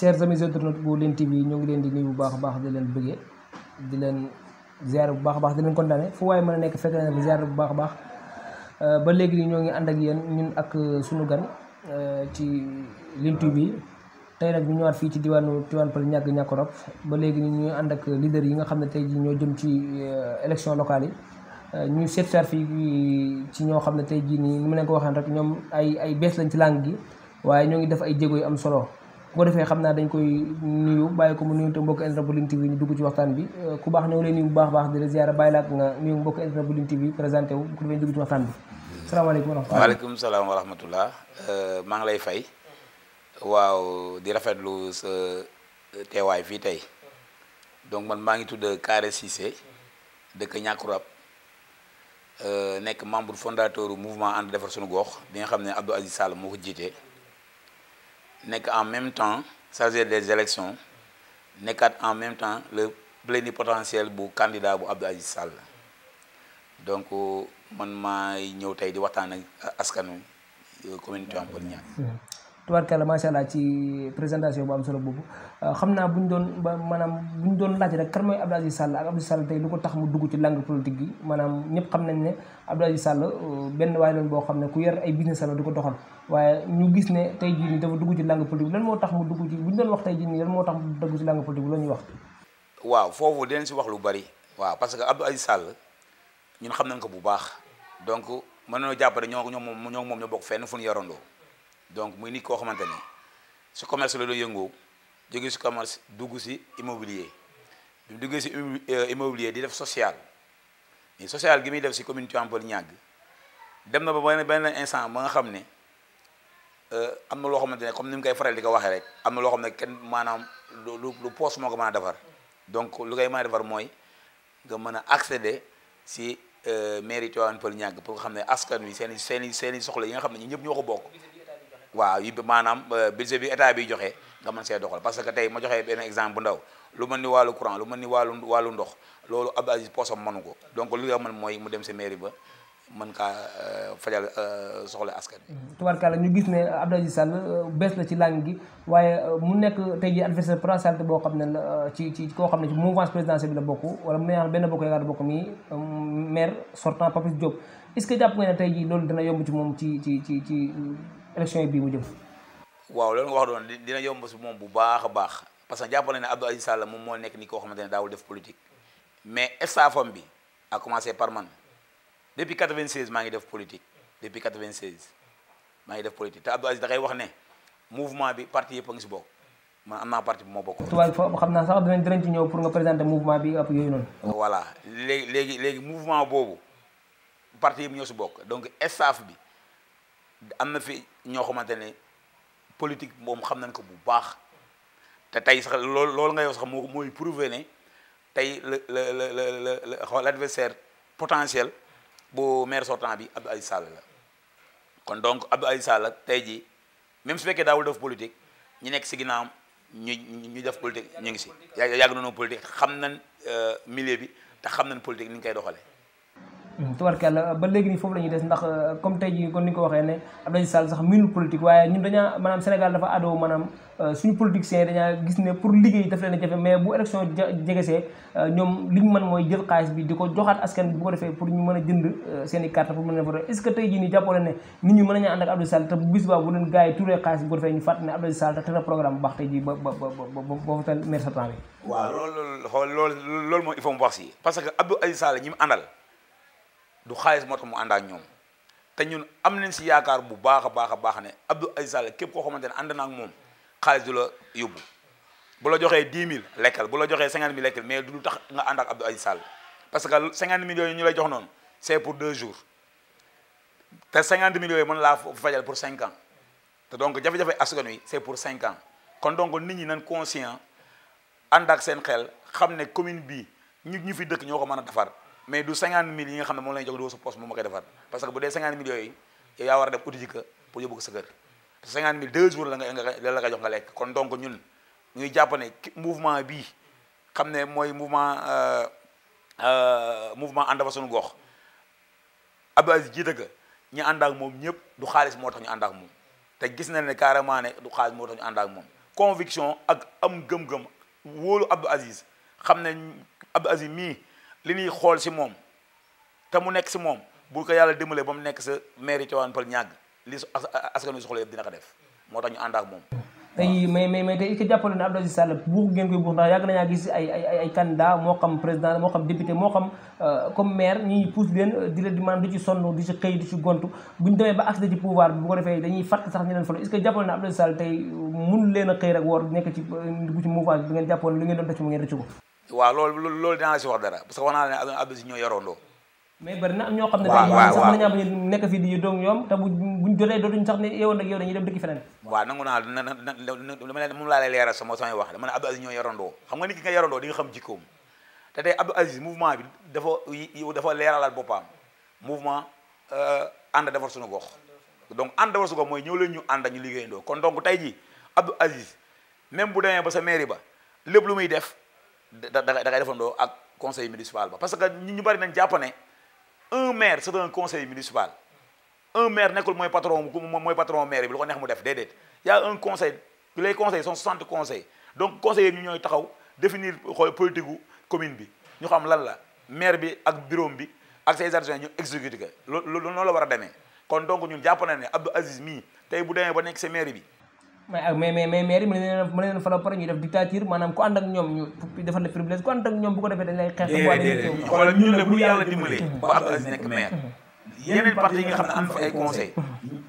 chers amis internautes bu Lune TV ñu ngi leen di nuyu bu baax baax di leen bëggee di leen ziar bu baax baax di leen kontaane fu waaye mën a nekk fekk na ne ziar bu baax a baax euh, ba léegi ñoo ngi ànd ak yéen ñun ak euh, sunu gan euh, ci Lune TV tey nag ñu ñëwaat fii ci diwaanu tiwaan Peulh ñàgg ñàkk Rop ba léegi nii ñuy ànd ak leader yi nga xam ne tey jii ñoo jëm ci élection local yi. ñuy seet saar fii ci ñoo xam ne tey jii nii ni ma leen ko waxaan rek ñoom ay ay bees lañ ci làng gi waaye ñoo ngi def ay jéego yu am solo bu ko defee xam naa dañ koy nuyu bàyyi ko mu nuyu te mbokk internet bu Lune TV ñu dugg ci waxtaan bi euh, ku baax ñoo ngi lay nuyu bu baax baax di la ziara bàyyi laak nga nuyu mbokk internet bu Lune TV présenté wu bu ko defee ñu dugg ci waxtaan bi salaamaaleykum salaam wa euh, maa ngi lay fay waaw di lu sa euh, teewaay fii tey donc man maa ngi tudd Kaare Cissé dëkk Niakourab nekk membre fondateur mouvement ànd defar suñu gox di nga xam ne Abdou Aziz Sall moo ko jiite nekk en même temps ça chargé des élections nekkaat en même temps le plénipotentiel bu candidat bu Abdou Aziz Sall donc euh, man suis venu tey di waxtaan ak askanu euh, communauté Tivaouane tubarkalla macha allah ci présentation bu am solo boobu euh, xamna buñ doon manam buñ doon laaj rek kan mooy Abdou Aziz Sall ak Abdou Sall tay luko tax mu dugg ci langue politique gi manam ñëpp xam nañ ne Abdou Aziz Sall euh, benn way loon bo xamne ku yer ay business la di doxal waye ñu gis ne tay ji ni dafa dugg ci langue politique lan mo tax mu dugg ci buñ doon wax tay ji ni lan mo tax mu dugg ci langue politique lañu wax waaw fofu den ci wax lu bari waaw parce que Abdou Aziz Sall ñun xam nañ ko bu baax donc mën nañoo jàppale ñoo ñoo mom ñoo mom ñoo bok fenn fu ñu yarandoo donc muy nit ko xamanteni ni commerce la do yëngoo jóge si commerce dugg si immobilier bi mu duggee immobilier di def social ni social gi muy def si commune Tivaouane ñag dem na ba ben benn instant ma nga xam euh amna lo xamanteni comme nim mu koy faral di ko waxee rek amna lo loo ken manam lu lu poste moko ko mën defar donc lu koy mën a defar mooy nga mën accéder ci euh mairie Tivaouane Peulh ñag pour nga askan wi seen i seen seen soxla yi nga xam ñepp ñoko bokk waaw yi maanaam euh, budget bi état bi joxe nga mën see doxal parce que tey ma joxe benn exemple bu ndaw lu mën ni wàllu courant lu mën ni wàllu wàllu ndox loolu Abdou Aziz posam mënu ko donc li nga mën mooy mu dem sa mairie ba mën kaa euh, fajal euh, soxla askan wi. Mm-hmm. tubarkalla ñu gis ne Abdou Aziz Sall bees la ci làng gi waaye mu nekk tey jii adversaire principal boo xam ne la ci ci koo xam ne ci mouvance présidentielle bi la bokk wala mu neex benn bokk yaakaar bokk mi maire sortant Papis Diop est-ce que jàpp nga ne tey jii loolu dana yomb ci moom ci ci ci élection bi bii mu jëm. waaw loolu nga wax doon dina yomb si moom bu baax a baax parce que jàpp na ne Abdou Aziz Sall moom moo nekk ni koo xamante ne daawul def politique mais estafam bi a commencé par man depuis 96 maa ngi def politique depuis 96 maa ngi def politique te Abdou Aziz da ngay wax ne mouvement bi parti yëpp a ngi si bokk man am naa parti bu ma bokk. tubaab foofu xam naa sax dinañ dinañ ci ñëw pour nga présenter mouvement bi ak yooyu noonu. voilà léegi léegi léegi mouvement boobu parti yëpp ñoo si bokk donc estaf bi am na fi ñoo xamante ne politique mom xam nañ ko bu baax te tay sax loolu nga yow sax moy mooy prouver ne tey la la la la potentiel bu maire sortant bi Abdou Aziz Sall la kon donc Abdou Aziz Sall tey jii même su fekkee daawul def politique ñu nekk si ginnaawam ñu ñu def politique ñu ngi si yàgg nañoo politique xam nañ euh, milieu bi te xam nañ politique ni ngi koy doxalee. tubarkàlla ba léegi nii foofu la des ndax comme tey jii kon ni nga ko waxee ne Abdoulaye Sall sax minul politique waaye ñun dañaa maanaam Sénégal dafa adoo maanaam euh, suñu politiciens dañaa gis ne pour liggéey daf leen jafe mais bu élection jegesee euh, ñoom li ñu mooy jël xaalis bi di ko joxaat askan bu ko defee pour ñu mën a jënd euh, seen i pour mën a ne nit ñi mën nañu ànd ak Abdoulaye Sall te bu bis baa bu leen gars yi turee xaalis bi bu mu wax si parce que Abdou du xaalis moo tax mu ànd ak ñoom te ñun am nañ si yaakaar bu baax a baax a baax ne Abdou Aziz Sall képp koo xamante ne ànd na ak moom xaalis du la yóbbu bu la joxee dix mille lekkal bu la joxee cinquante mille lekkal mais du lu tax nga ànd ak Abdou Aziz Sall que cinquante millions yi ñu lay jox noonu c'est pour deux jours te cinquante millions yi mën laa fajal pour cinq ans te donc jafe-jafe askan wi c'est pour cinq ans kon donc nit ñi nañ conscient ànd ak seen xel xam ne commune bii ñu ñu fi dëkk ñoo ko mën a defar mais du cinquante mille yi nga xam ne moom la ñu jox doo sa poste moom ma koy defar parce que bu dee cinquante mille yooyu yaa war a def uti ji pour yóbbu ko sa cinquante mille deux la nga jox nga lekk kon donc ñun ñu ngi jàpp ne mouvement bii xam ne mooy mouvement euh, euh, mouvement ànd fa gox Abdou Aziz ka ñu ànd ak moom ñëpp du xaalis moo tax ànd ak moom te gis na ne carrément ne du xaalis moo tax ñu ànd ak moom conviction ak am gëm-gëm wóolu Abdou Aziz xam ne Abdou Aziz mii li ñuy xool si moom te mu nekk si moom bu ko yàlla dimbalee ba mu nekk sa mairie Tivaouane Peulh ñàgg li askan moo tax ñu ànd ak moom. tey mais mais mais tey ki jàppale ne Abdou Aziz Sall buux ngeen moo xam président moo moo xam euh, comme maire ñuy pousse leen ñu demee ba accès ci pouvoir jàppale a xëy rek woor nekk ci euh, dugg ci mouvement bi li ngeen doon def ci mu ngeen rëcc ko waaw loolu loolu dinaa si wax dara parce que wax naa ne Abdou Aziz ñoo yoroondoo mais bari na am ñoo xam ne sax mën nañu bañ a nekk fii di doom ñoom te buñ jotee dootuñ sax ne yow nag yow wax dama ne Abdou Aziz ñoo yorondoo xam nga nit ki nga yorondoo di nga xam jikkoom te tey Abdou Aziz mouvement bi dafa yow dafa leeralaat boppam mouvement euh, ànd defar suñu gox donc ànd defar suñu gox mooy ñëw ñu ànd ñu liggéeyandoo kon donc tey ji Abdou Aziz même bu demee ba sa mairie ba lépp lu muy def da da ngay ak conseil municipal parce que ñu bari nañ jàpp un maire c'est un conseil municipal un maire nekul moy patron moy patron maire bi lu ko neex mu def il y a un conseil les conseils sont soixante conseils donc conseiller ñu ñoy taxaw définir politique commune bi ñu xam lan la maire bi ak bureau bi ak ses adjoints ñu exécuter lo lo la war a kon donc ñun jàpp na ne Abdou Aziz mii tay bu démé ba nek ce maire bi mais mais mais maire yi mën leen mën leen fa la pare ñu def dictature maanaam ku ànd ak ñoom ñu defal la privilège ku ànd ak ñoom bu ko defee dañ lay xeex wala ñun la bu yàlla dimbalee ba Abdou Aziz nekk maire yeneen parti yi nga xam ne am fa ay conseil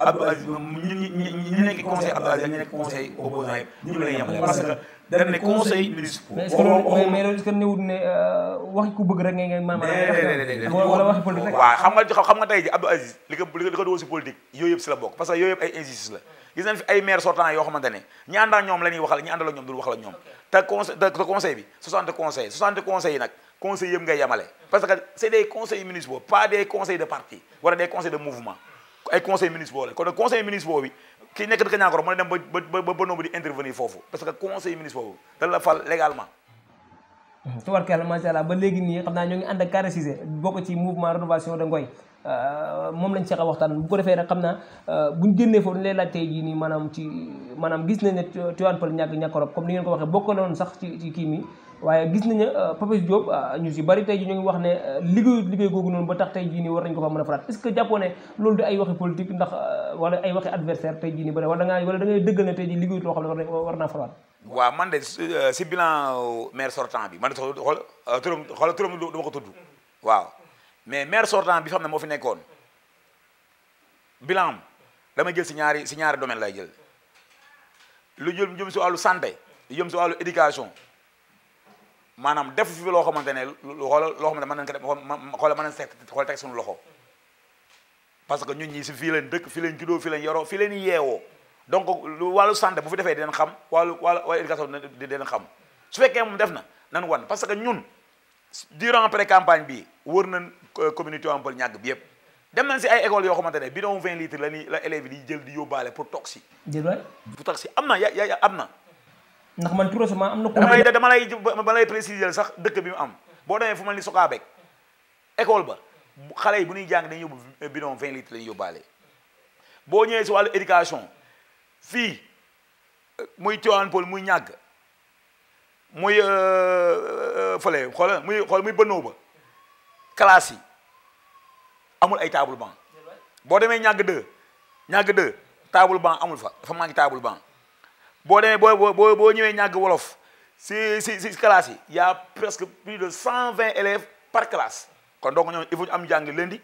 Abdou Aziz ñu ñu nekk conseil Abdou Aziz ñu nekk conseil opposant yi ñu lay yemale parce que dañ ne conseil municipal mais loolu est-ce que newut ne waxi ku bëgg rek ngay ngay maanaam wala waxi politique waaw xam nga xam nga tey ji Abdou Aziz li ko li ko doon si politique yooyu yëpp si la bokk parce que yooyu yëpp ay injustice la gis nañ fi ay maire sortant yoo xamante ñi ànd ñoom la ñuy waxal ñi ñoom dul waxal ak ñoom conseil te conseil yi nag conseils yëpp ngay yemale parce que c' ay conseils municipaux la kon conseil municipaux bi ki nekk dëkk Niakhar mën na dem ba ba ba di intervenir foofu parce que conseil municipal da la fal légalement. tubarkalla macha allah ba léegi nii xam naa ñoo ngi ànd ak Kara Cissé bokk ci mouvement rénovation de Euh, moom lañ seq a waxtaan bu ko defee rek xam naa euh, buñ génnee foofu lay laaj tey jii nii maanaam ci maanaam gis nañ ne Tivaouane Peulh ñàkk ñàkkorob comme ni ngeen ko waxee bokkaloon sax ci ci kii mi waaye gis nañu euh, Papis Diop ñu si bari tey jii ñu ngi wax ne liggéeyut liggéey googu noonu ba tax tey jii nii war nañ ko fa mën a faraat est-ce que jàppoo ne loolu di ay waxi politique ndax wala ay waxi adversaire tey jii nii ba wala da ngaa wala da ngay dëggal ne tey jii liggéeyut loo xam ne war naa faraat waaw man de si bilan maire sortant bi man waaw mais maire sortant bi xam ne moo fi nekkoon bilan dama jël ci ñaari ci ñaari domaine lay jël lu jël jëm si wàllu santé lu jëm si wàllu éducation maanaam def fi lo xamantene lo xamantene man loo nañ ko def xoolal mën nañ se xol tek suñu loxo parce que ñun ñi ci fi leen dëkk fi leen juddoo fi leen yoroo fi leen yéwo donc lu wàllu santé bu fi defee dinañ xam wàllu wàllu éducation dinañ xam su fekkee moom def na nan wan parce que ñun durant pré campagne bi wër nañ euh, commune Tivaouane ñàgg bi yëpp dem nañ si ay école yoo xamante ne bidon 20 litres la ni la élèves yi di jël di yóbbaale pour toog si. pour toog am na ya ya am na. ndax man tout récemment am na. dama lay dama lay ba lay préciser sax dëkk bi mu am boo demee fu mel ni Sokaabeek école ba xale yi bu ñuy jàng dañuy yóbbu bidon 20 litres la ñuy yóbbaale boo ñëwee si wàllu éducation fii euh, muy Tivaouane Peulh muy ñàgg muy euh, fële xoolal muy xool muy bënnoo ba. classe yi amul ay table banc boo demee ñàgg deux ñàgg deux table banc amul fa dafa manqué table banc boo demee boo boo boo boo ñëwee ñàgg wolof si si si classe yi y' presque plus de cent vingt élèves par classe kon donc ñoom il faut ñu am jàng lundi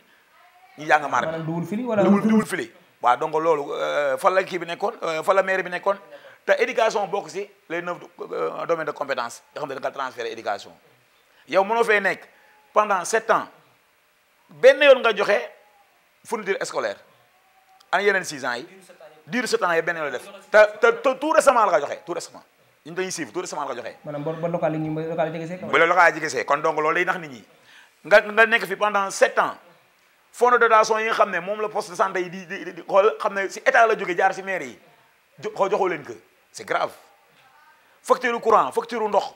ñu jàng mardi. maanaam duwul fili wala duwul fili. waaw donc loolu euh, fan la kii bi nekkoon euh, fan la maire bi nekkoon te éducation bokk si les neuf euh, domaines de compétence yoo xam ne da nga transféré éducation yow mënoo fee nekk. pendant 7 ans ben yon nga joxe fourniture scolaire ana yenen 6 ans yi Dir sept ans yi benn yoon def Ta te tout récemment la nga joxe tout récemment ñu dañuy suivre tout récemment la nga joxe. maanaam ba local yi ñu local jege see. local jege kon donc loolu lay nit ñi nga nga nekk fi pendant 7 ans fonds de dotation yi xamne mom ne la poste de santé yi di di di xool xam si état la jóge jaar si maire yi jo joxoo leen que c'est grave facture courant facture ndox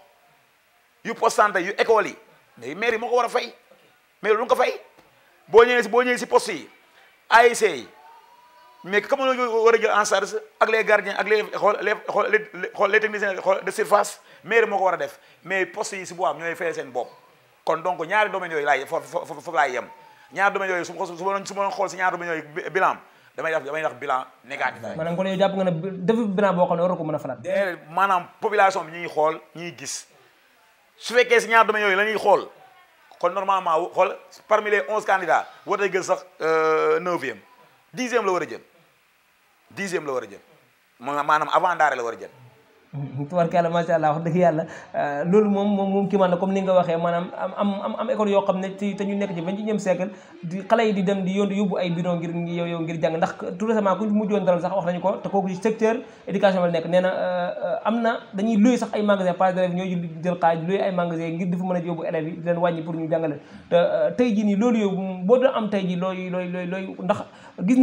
yu poste santé yu école yi. mais maire yi moo ko war a fay maire lu nga ko fay boo ñëwee si boo ñëwee si poste yi ASC yi mais comme ñoo war a jël en charge ak les gardiens ak les xool les xool les techniciens de surface maire moo ko war yi si bu kon donc ñaari domaines yooyu laay foofu laay yem ñaari domaines yooyu su ma su ma su xool si ñaari domaines yooyu bilan damay def damay def bilan négatif. maanaam kon yow jàpp nga ne def bilan boo xam ne war ko mën a falaat. maanaam population bi ñuy xool ñuy gis. su fekkee si ñaar domaine yooyu la xool kon normalement xool parmi les onze candidats war a jël sax euh, neuvième dixième la war a jël dixième la war a jël maanaam avant daare la war a jël tubarkàlla macha allah wax dëgg yàlla euh, loolu moom moom moom kii man la comme ni nga waxee maanaam am am école yoo xam ne te ñu nekk ci vingt-et-unième siècle di xale yi di dem di yóndu yóbbu ay bidon ngir ngir jàng ndax tout récemment ku mujjoon dalal sax wax nañu ko te kooku secteur éducation la nekk nee na euh, euh, am na dañuy luy sax ay magasin par élèves ñooy jël xaaj luy ay magasin ngir di mën a yóbbu élèves yi di leen wàññi pour ñu jàngale te tey looy looy looy looy ndax gis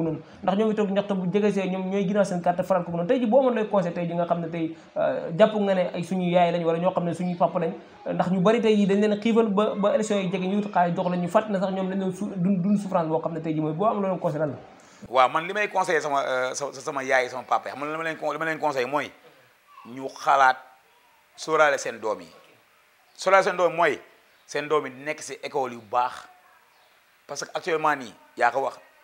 kook noonu ndax ñoo ngi toog ñaxta bu jegesee ñoom ñooy ginnaaw seen carte faral kook noonu tey boo amoon lay conseil tey ji nga xam ne tey euh, jàpp nga ne ay suñu yaay lañ wala ñoo xam ne suñu papa lañ ndax ñu bari tey yi dañ leen xiifal ba ba élection yi jege ñu wut xaalis jox la ñu fàtt na sax ñoom dañ doon dund souffrance xam ne tey ji mooy boo am loolu conseil lan la waaw man li may conseillé euh, sama yaay sama papa xam nga li ma leen li mooy ñu xalaat sóoraale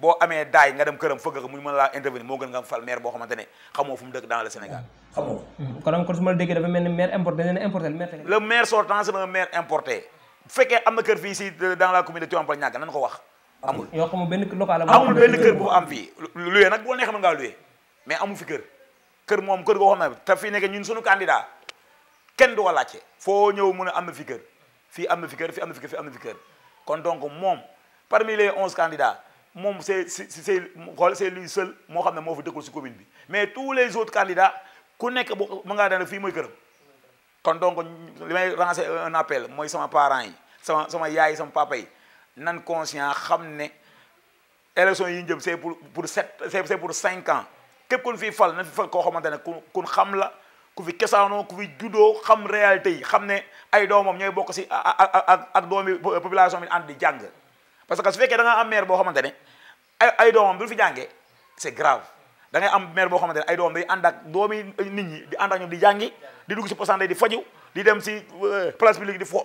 boo amee daay nga dem këram fëgg ko mu mën laa intervenir moo gën nga fal maire boo xamante ne xamoo fu mu dëkk dans le Sénégal xamoo hmm. kon su ma la déggee dafa mel ni maire importé dañ leen importé le maire sortant c'est un maire importé fekkee am na kër fii si euh, dans la commune de Tivaouane ñàkk nan ko wax amul yoo xam benn local amul benn kër am fii luye nag boo neexee mën ngaa luye mais amul fi kër kër moom kër goo xam ne te fii nekk ñun suñu a am na fi fii am na fi kër fii am na fi kër fii am moom parmi les onze candidats moom c'est c'est c'est c'est lui seul moo xam mo moo fi dëkkul si commune bi mais tous les autres candidats ku nek bu ma ngaa daan fii mooy këram kon donc limay may lancer un appel moy sama parents yi sama sama yaay sama papa yi nan conscient xam élection yi ñu c'est pour pour sept c' pour 5 ans képp ku fi fiy fal na fi fal koo xamante ne ku ku xam la ku fi kessano ku fi juddoo xam réalité yi xam ay doomam ñooy bokk si ak ak ak population bi andi jang parce que su fekkee da nga am maire boo xamante ne. ay ay doomam du fi jàngee c'est grave da am mère boo xamante ne ay doomam day ànd ak doomi nit ñi di ànd ñoom di jàngi di dugg si posan day di faju di dem si euh, place publique di fo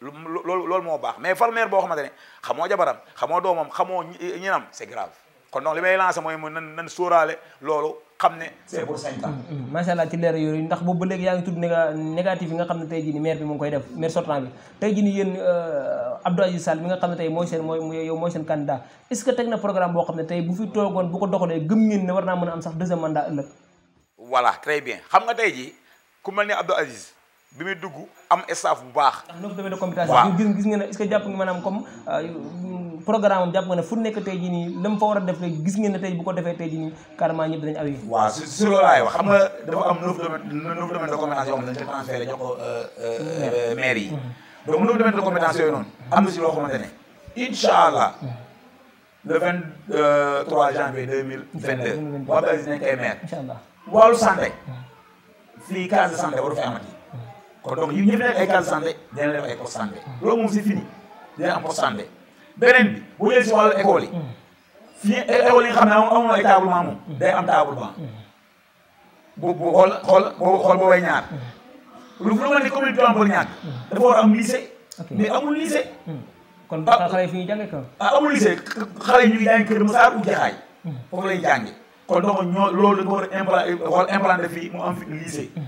loolu loolu moo baax mais far mère boo xamante ne xamoo jabaram xamoo doomam xamoo ñinam c'est grave kon donc li may lancer mooy mu nan nan loolu xam ne c'est pour cinq ans allah ci leer yooyu ndax boobu ba léegi yaa négatif nga ne tey ni maire bi mu ngi def maire bi ni euh, Abdou Aziz Sall mi nga ne tey mooy seen yow mooy seen candidat est ce que na programme boo xam ne bu fi toogoon bu ko doxalee gëm ngeen ne war naa am sax deuxième mandat voilà très bien xam nga tey jii ku Abdou Aziz bi muy dugg am staff bu baax. am na comité de communication gis gis ngeen ne est-ce que jàpp euh, programme am jàpp nga fu nekk tey jii nii la mu fa a def léegi gis ngeen ne tey bu ko defee tey jii nii carrément ñëpp xam nga dafa am neuf domaine de compétence yoo xam ne ko euh, euh, maire yi. donc neuf domaine de am na si loo xamante ne incha allah. le vingt trois janvier mille vingt deux. waa Basi dinañ koy amati. kon donc yi ñëpp nekk ay case santé dina def ay poste santé loolu moom c'est fini dina am poste santé beneen bi bu ñëwee si wàllu école yi fii école yi nga xam ne amoon ay table banc moom day am table banc bu bu xool xool boo xool boobay ñaar lu fu lu ma ne commune bi Tivaouane ñàkk dafa war am lycée mais amul lycée hmm. kon xale yi fi ñuy jàngee ah amul lycée xale yi ñu ngi jàngi Kër Massar ou Jaxaay hmm. foofu lay jànge kon donc ñoo loolu dañ ko war a implanté xool implanté fii mu am fi lycée hmm.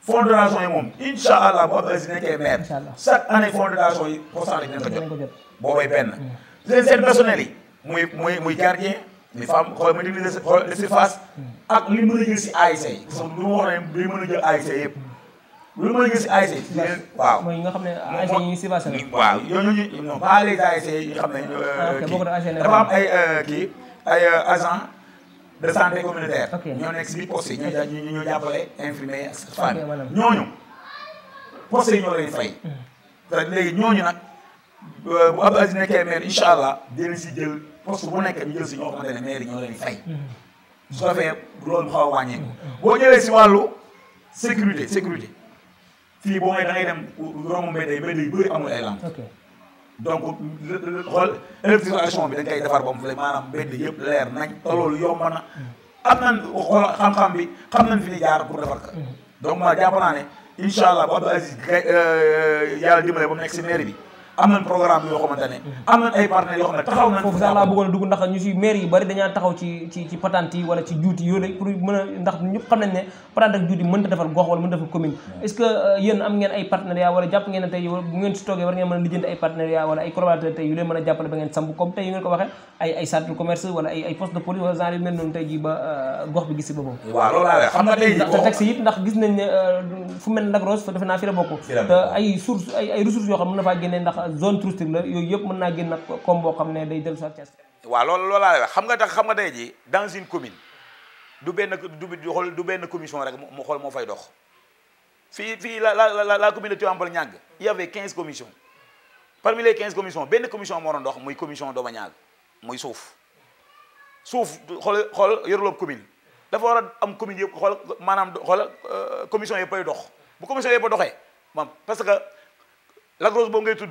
fonds de dotation yi moom incha allah bu Abdou Aziz nekkee maire chaque année fonds de dotation yi pourcentage dinañ ko jot boobay benn mm. seen seen personnel yi muy muy muy gardien les femmes xool ma déglu xool surface mm. ak li mën a jël si ASC yi parce que lu ma wax ne a yëpp lu mën a si ASC yi waaw mooy nga xam ne ASC yi surface waaw ñooñu non pas les ASC yi xam euh, ah, ne dafa am ay euh, kii ay euh, agent de santé communautaire. ñoo nekk si biir poste yi ñoo ja ñoo jàppale infirmier ak sa famille ñooñu poste yi ñoo leen fay. Hmm. te léegi ñooñu nag euh, bu Abdou Aziz nekkee maire incha allah dinañ si jël poste bu nekk ñu jël si ñoo xamante ne maire yi ñoo leen fay. Hmm. su ko defee loolu mu xaw a wàññeeku. Hmm. boo jëlee si wàllu sécurité sécurité fii boo mooy da ngay dem romb mbedd yi mbedd yu bëri amul ay lampe. donc xool électrification bi dañ koy defar ba mu fi maanaam mbedd yëpp leer nañ te loolu yomb na am xam-xam bi xam nañ fi ni jaar pour defar ko mm-hmm. donc ma jàpp naa ne incha allah bu Abdou Aziz euh, yàlla ba mu nekk si bi am nañ programme yoo xamante ne ay partenaires yoo xam taxaw nañ sax dugg ndax ñu si maire yi bari dañaa taxaw ci ci ci wala ci juuti yooyu rek pour mën ndax ñëpp xam ne patente ak juuti mënta defal gox wala mënta defal commune est-ce que euh, yéen am ngeen ay partenariat wala jàpp ngeen ne bu ngeen si toogee war ngeen mën a ay partenariat wala ay yu leen ba ngeen comme yu ngeen ko ay ay centre commerce wala ay ay poste de police wala genre yu mel noonu tey ji ba euh, gox bi gis si boppam waaw loolu laa xam nga tey te taxi it ndax gis nañ ne euh, fu mel Rose fa fi la te ay source ay ressources xam ndax zone touristique la yooyu yëpp mën naa génn nag comme boo xam ne day dellu sa Thiès. waaw loolu loolu laa wax xam nga tax xam nga tey ji dans une commune du benn du xool du benn commission rek mu xool moo fay dox fii fii la la la la commune de Tivaouane Niague il y avait 15 commissions parmi les 15 commissions benn commission moo doon dox muy commission Doma Niague muy suuf suuf xool xool yoruloo commune dafa war a am commune yëpp xool maanaam xool euh, commission yëpp ay dox b commission yëpp a doxee parce que la grosse ngay tudd.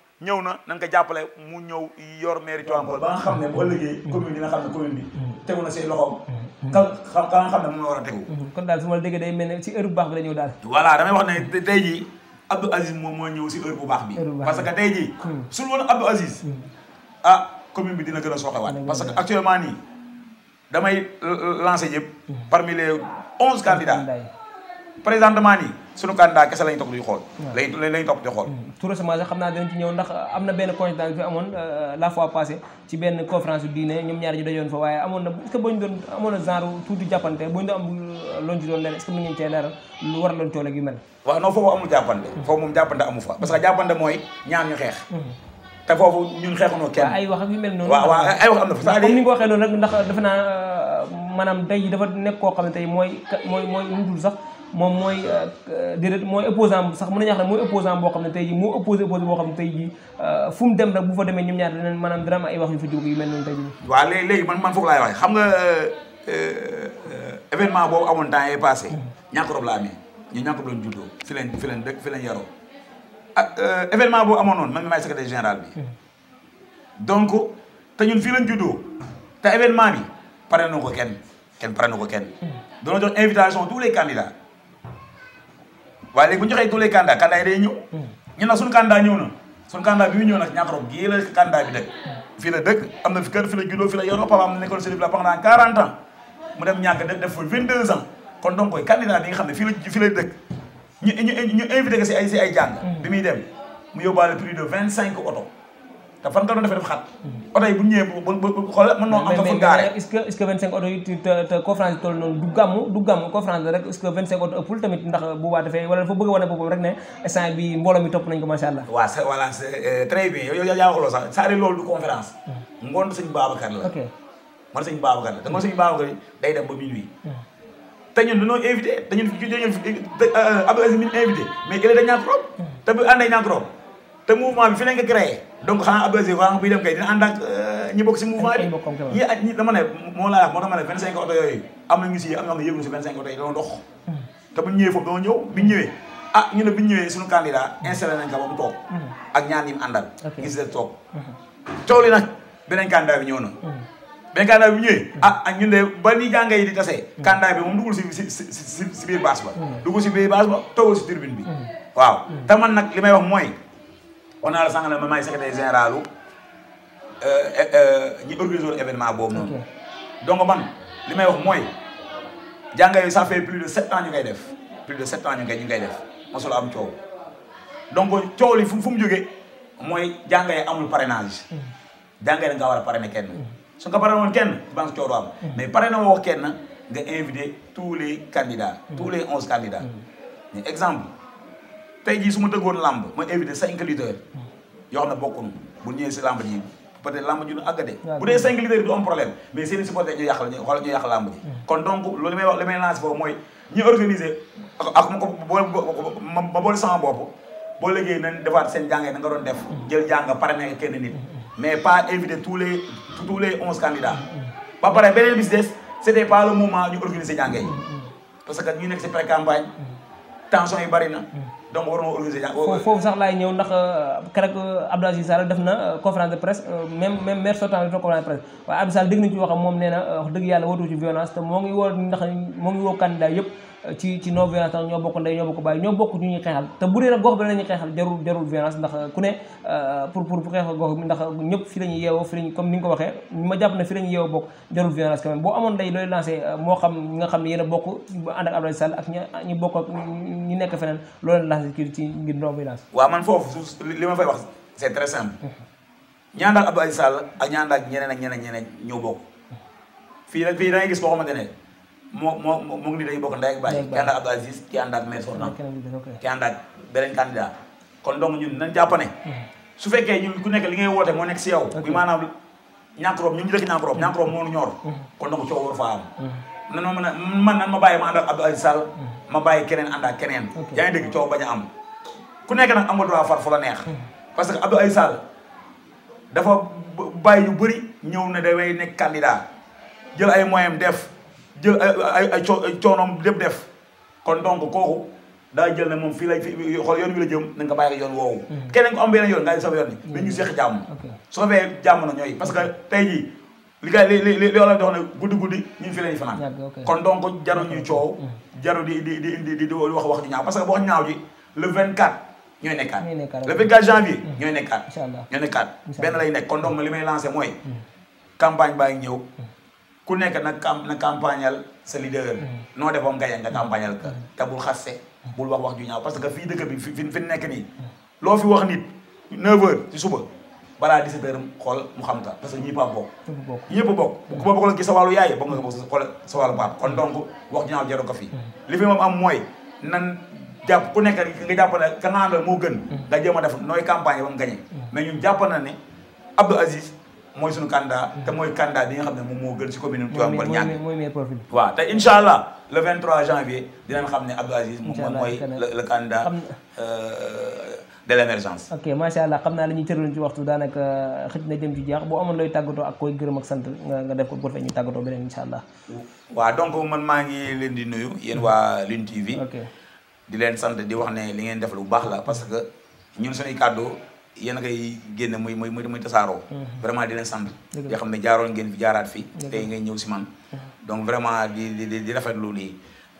ñëw na na ko jàppale mu ñëw yor mairie Tivaouane ba nga xam ne bu ëllëgee mm. commune dina xam ne commune bi mm. tegu na say loxoom mm. ka ka nga xam ne moom la war a tegu mm-hmm. Mm-hmm. kon daal su ma la déggee day mel ne si heure bu baax bi la ñëw daal voilà damay wax ne tey jii Abdou Aziz moom moo ñëw si heure bu baax bi parce que tey ji sul woon Abdou Aziz ah commune bi dina gën a sooxewaat parce que actuellement nii damay lancé yëpp parmi les onze candidats présentement nii sunu candidat kese lañ topp di xool. waaw topp di xool. Mm. tout récemment xam naa dinañ ci ñëw ndax am na benn coïncidence fi amoon euh, la fois passée ci benn conférence diine ñoom ñaar ñu dajoon fa waaye amoon na est euh, mm. moom jàppante mm. foofu ñun xeexunoo noonu. rek ndax dafa naa euh, maanaam tey dafa nekk koo xam ne tey mooy mooy mooy sax moom mooy euh, déedéet mooy opposant sax mën nañu wax ne mooy opposant boo xam ne tey ji moo opposé opposé boo xam ne tey ji euh, fu mu dem rek bu fa demee ñoom ñaar dinañ maanaam dara am ay wax yu fa jóg yu mel noonu tey man man foofu laay waxee xam nga euh, événement boobu amoon temps yee passé hmm. ñàkkorob la amee ñu ñàkkorob lañ juddoo leen fi leen dëkk fi leen yaroo ak ah, événement boobu amoon man mi maay secrétaire général bi hmm. donc te ñun fii lañ juddoo te événement bi pare na ko kenn kenn pare na ko kenn hmm. doona jox invitation tous les candidats waaye léegi bu ñu joxee tous les candidats candidat yi day ñëw hmm. ñu suñu candidat ñëw na suñu candidat bi mu ñëw nag ñàkk roog gii la candidat bi dëkk hmm. fii la dëkk am na fi kër fi la juddoo fi la yoroo papa am na nekkoon la pendant 40 ans mu dem ñàkk def def fa 22 ans kon donc koy candidat bi nga xam ne fii la fii la dëkk ñu ñu invité ko si ay si ay jàng hmm. bi muy dem mu yóbbaale plus de cinq oto te fan nga doon defee dafa xat oto yi bu ñëwee bu bu xool mën noo am fa fa noonu du tamit ndax bu waa dafee wala dafa bëgg a wane boppam rek ne instant bi mbooloo mi topp nañ ko macha allah waaw c'est voilà c'est euh, très yaa wax loolu sax saari loolu du conférence hmm. ngoon sëñ Babacar la ok man sëñ la te ngoon sëñ Babacar day dem ba minuit hmm. te ñun dañoo invité te ñun dañoo euh, Abdou Aziz mi invité mais gële da hmm. te bu àndee ñàkk trop te mouvement bi fi la nga créé donc xanaa abdouaziz xanaa buy dem kay dina ànd euh, ñi bokk si mouvement bi ñi dama moo laa moo tax vingt cinq oto yooyu am na ñu si am na xam ne yëguñu si vingt cinq oto yi doon dox hmm. te bu ñu bi ñu ñëwee ah ñu ne bi ñu ba mu toog hmm. ak ñaan yi mu àndal gis la toog hmm. coow beneen candidat bi ñëw beneen candidat bi ñëwee ah ñun de ba ni jànga yi di tasee candidat bi moom dugul si si si si biir baas ba dugul si biir baas ba toogul si turbine bi waaw te nag li may on a la sànq ne man maay secrétaire général euh, euh, euh, ñi organisé woon événement boobu noonu. donc man limay wax moy jàng ça fait plus de 7 ans ñu koy def plus de 7 ans ñu koy ñu koy def mosul am coow donc coow li fu mu fu mu jógee mooy amul parrainage. Mm. jangay nga war a parrainer kenn. Mm. su nga parrainé woon kenn je pense coow du am. Mm. mais parrainé wax kenn nga inviter tous les candidats. tous les 11 candidats. exemple. tey jii su ma dëggoon làmb ma invité cinq leaders yoo xam ne bokkuñu bu ñëwee si làmb ji peut être làmb ji bu dee cinq leaders du am mais i supporter ñu yàq la ñu hmm. loolu may wax li may lancé foofu mooy ñu organiser ak ak ma ko ma boole sama bopp boo liggéey nañ defaat seen nga doon def hmm. jël jàng pare na kenn hmm. mais pas invité tous les tous les onze candidats ba pare beneen bis des c'était pas le moment ñu organiser jàngee yi parce que ñu nekk si pré campagne tension yi bari na donc war na organiser. foofu sax laay ñëw ndax euh, keroog euh, Abdou Aziz Sall def na euh, conférence de presse même même maire sortant def na conférence de presse waaye Abdou Sall dégg nañu ci waxam moom nee na wax dëgg yàlla wootu ci violence te moo ngi woo ndax moo ngi woo candidat yëpp ci ci no violence ñoo bokk nday ñoo bokk bay ñoo bokk ñu ñi xéxal té bu dee gox bi lañu xéxal jarul jarul violence ndax ku né pour pour pour xéxal gox bi ndax ñëpp fi lañu yéwo fi lañu comme ni nga waxé ma japp na fi lañu yéwo bokk jarul violence quand même bo amoon nday loy lancer eh, mo xam nga xam yéna bokk and ak Abdoulaye Sall ak ñi ñi bokk ak ñi nekk fenen loolu lancé ci ci ngir no violence wa man fofu li ma fay wax c'est très simple ñaanal Abdoulaye Sall ak ñaanal ñeneen ak ñeneen ñeneen ñoo bokk fi la fi da nga gis boo xamantene moo moo moo ngi ni day bokk ndey ak bàyyi. kon donc nañ jàpp hmm. su fekkee ñun ku nekk li ngay woote moo nekk si yow bi maanaam ñàkk rob ñun ñu dëkk ñàkk rob ñàkk rob moo ñor hmm. kon hmm. man nan ma bàyyi ma ànd ak Abdou Aziz Sall ma bàyyi keneen ànd ak keneen yaa ngi dégg coow bañ a am ku nekk nag am nga droit far fu la neex parce que Abdou ay Sall dafa bàyyi ñu bëri ñëw ne daway nekk candidat jël ay moyens def jël ay ay ay coonoom lépp def kon donc kooku daa jël ne moom fii lay fi xool yoon wi la jëm na nga bàyyi ak yoon woowu hmm. keneen ko am beneen yoon nga soo hmm. fee jàmm na ñooy parce que tey jii li kay li li loola dox ne guddi guddi ñun fii la ñuy fanaan kon donc jaru ñuy coow hmm. jaru wax wax ju ñaaw parce que boo wax ñaaw ji le 24 ñooy nekkaat le 24 janvier ñooy nekkaat lay nekk kon donc li may lancé mooy campagne baa ngi ñëw ku nekk na cam na campagnal sa leader mm. noo defoon gañe nga campagnal ka mm. te bul xaste bul wax wax ju ñaaw parce que fii dëkk bi fi fi nekk nii mm. loo fi wax nit 9h ci suba balaa 17h xool mu xam ta parce que ñii pap bokk ñëpp bokk ku ma bokk la gis sa yaay bokk nga bokk xool sa wàllu pap kon donc wax ju ñaaw jaru ko fii li fi moom am mooy nan jàpp ku nekk nga jàpp ka nga àndal moo gën nga jéem a def nooy campagne ba mu gañe jàpp na mooy suñu candidat te mooy candidat bi nga xam ne moom moo gën si commune Tivaouane Peulh Niaga waaw te incha allah le 23 janvier dinañ xam ne Abdou Aziz moom mooy le candidat euh, de l'émergence ok macha allah xam naa la ñuy cëraloon ci waxtu daanaka euh, xëj na jëm ci jeex boo amoon looy tàggatoo ak koy gërëm ak sant nga def ko bu ko defee ñu tàggatoo beneen incha allah waaw donc man maa ngi leen di nuyu yéen mm-hmm. waa Lune TV di leen sant di wax ne li ngeen def lu baax la parce que ñun suñuy kàddu yéen a koy génne mooy muy muy tasaaroo mhm. vraiment di leen sant yoo xam ne jaaroon ngeen fi jaaraat fi tey ngay ñëw si man mhm. donc vraiment di di di rafet lu lii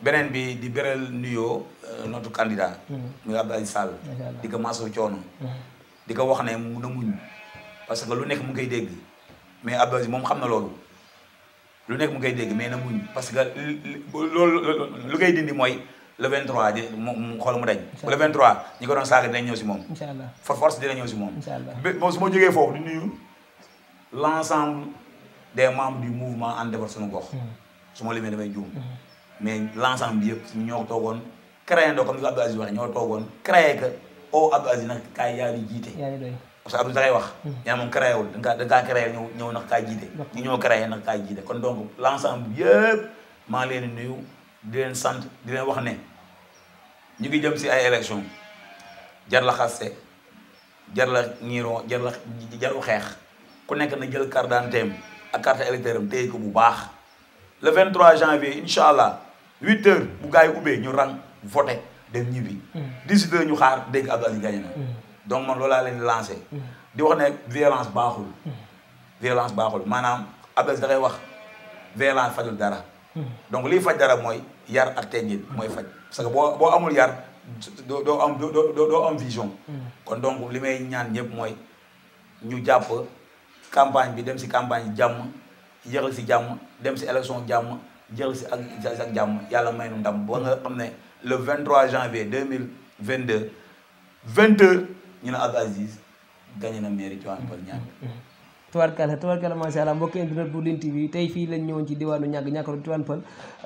beneen bi di beral nuyoo euh, notre candidat mhm. muy Abdou Aziz Sall di ko maaso coono di ko wax ne mun a muñ parce que lu nekk mu ngi koy dégg mais Abdou Aziz moom xam na loolu lu nekk mu ngi koy dégg mais na muñ parce que loolu lu koy dindi mooy le 23 di mu xol mu dañ le 23 ñi ko doon saaga dinañ ñëw si moom inshallah for force dina ñëw si moom moom su ma jógee foofu di nuyu l' ensemble des membres du mouvement en defar suñu gox hmm. su ma limee damay juum hmm. mais l' ensemble bi yëpp ñoo toogoon créé ndoo comme ni ko Abdou Aziz waxee ñoo toogoon créé que o oh, Abdou Aziz nag kaay yaa di jiite parce que Abdou da wax hmm. yaa moom créé wul danga danga créé ñëw ñëw nag kaay jiite ñu ñoo créé nag kaay jiite kon donc l' ensemble bi yëpp maa leen di nuyu di leen sant di leen wax ne ñi ngi jëm ci ay élection jar la xaste jar la ñiiroo jar la jaru xeex ku nekk na jël carte d'identité ak carte électeuram téye ko bu baax le 23 janvier incha allah 8 heures bu gars yi ubbee ñu rang voté dem ñibi 18 mm. heures ñu xaar dégg Abdou Aziz gagné na mm. donc man loolaa leen lancé mm. di wax ne violence baaxul violence baaxul maanaam Abdou da ngay wax violence fajul dara donc liy faj dara mooy yar ak teggin mooy faj parce que boo boo amul yar doo am doo am vision hmm. kon donc li may ñaan ñëpp mooy ñu jàpp campagne bi dem si campagne jàmm jëral si jàmm dem si élection jàmm jëral si ak ak jàmm yàlla may nu ndam ba nga xam ne le 23 janvier 2022 20 heures ñu ne Abdou Aziz gagné na mairie Tivaouane Peulh Niaga tubaarkala tubaarkala macha allah mbokki internet bu Lune TV tey fii lañ ñëwoon ci diwaanu ñàgg ñàkkar Tivaouane Peulh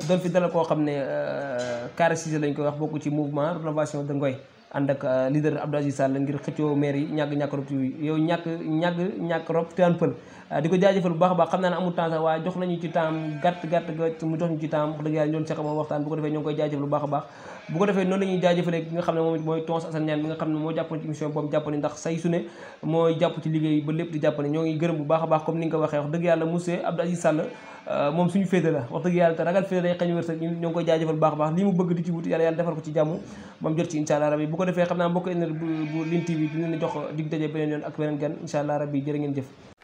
doon fi dalal koo xam ne car euh, Kara Cissé lañ koy wax bokku ci mouvement rénovation de Ngoye andak euh, leader Abdou Aziz Sall ngir xëccoo maire yi ñàkk ñàkk rob yow ñak ñag ñak rop tan Peulh diko ko bu baax ba xamna na amu temps sax waaye jox nañu ci temps gatt gàtt gàtt mu jox ñu ci tam wax dëgg yàlla ñoon seq moom waxtaan bu ko defé ñong koy jaajëfal bu baax a baax bu ko defé non lañuy ñuy nga xamne ne moy Tons Assane ñaan nga xamne mo moo jàppoon ci émission boobu jàppani ndax say suné moy japp ci liggéey ba lepp di jàppani ñoo ngi gërëm bu baax a baax comme ni nga ko waxee wax dëgg yàlla monsieur Abdou Aziz Sall Euh, moom suñu féete la wax dëgg yàlla te ragal féete day xañ wërsëg ñu ñoo ngi koy jaajëfal baax baax lii mu bëgg di ci wut yàlla yàlla defal ko ci jàmm moom jot ci insha allah rabbi bu ko defee xam naa mbokk éner bu Lune TV bi dinañ jox dig daje beneen yoon ak beneen gan insha allah rabbi jërë ngeen jëf